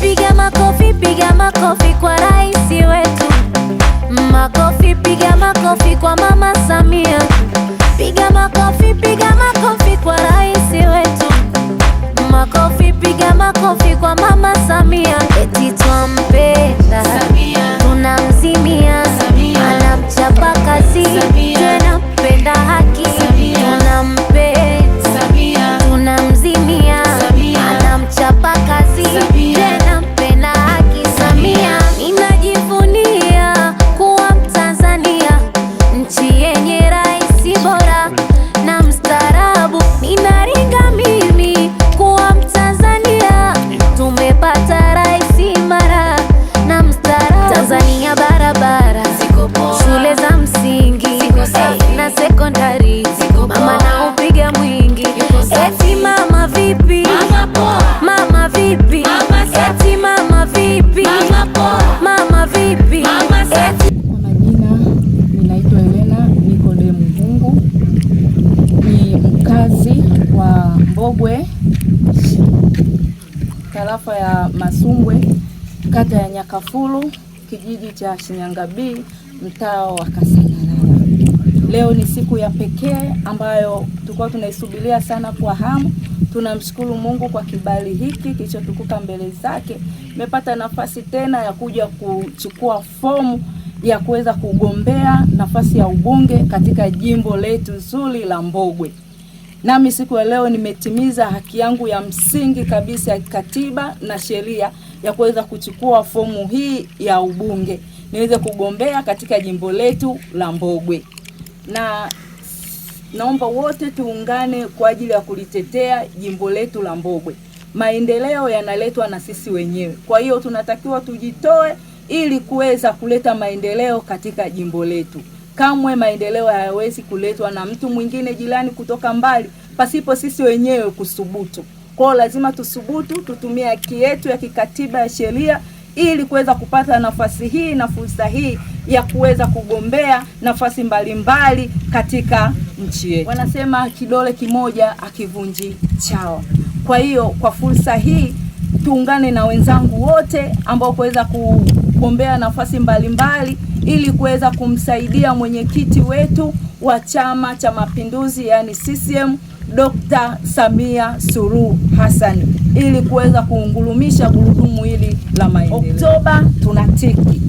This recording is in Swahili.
piga makofi, piga makofi kwa wetu. Makofi, piga makofi kwa Mama Samia. Piga makofi, piga makofi kwa rais wetu. Makofi, piga makofi tarafa ya Masumbwe, kata ya Nyakafulu, kijiji cha Shinyanga B, mtaa wa Kasangalala. Leo ni siku ya pekee ambayo tulikuwa tunaisubiria sana kwa hamu. Tunamshukuru Mungu kwa kibali hiki kilichotukuka mbele zake. Nimepata nafasi tena ya kuja kuchukua fomu ya kuweza kugombea nafasi ya ubunge katika jimbo letu zuri la Mbogwe. Nami siku ya leo nimetimiza haki yangu ya msingi kabisa ya katiba na sheria ya kuweza kuchukua fomu hii ya ubunge niweze kugombea katika jimbo letu la Mbogwe, na naomba wote tuungane kwa ajili ya kulitetea jimbo letu la Mbogwe. Maendeleo yanaletwa na sisi wenyewe, kwa hiyo tunatakiwa tujitoe ili kuweza kuleta maendeleo katika jimbo letu. Kamwe maendeleo hayawezi kuletwa na mtu mwingine jirani kutoka mbali pasipo sisi wenyewe kusubutu. Kwa hiyo lazima tusubutu, tutumie haki yetu ya kikatiba ya sheria ili kuweza kupata nafasi hii na fursa hii ya kuweza kugombea nafasi mbalimbali katika nchi yetu. Wanasema kidole kimoja akivunji chao. Kwa hiyo kwa fursa hii tuungane na wenzangu wote ambao kuweza ku kugombea nafasi mbalimbali mbali, ili kuweza kumsaidia mwenyekiti wetu wa Chama cha Mapinduzi yani CCM Dr. Samia Suluhu Hassan ili kuweza kuungulumisha gurudumu hili la maendeleo. Oktoba tunatiki.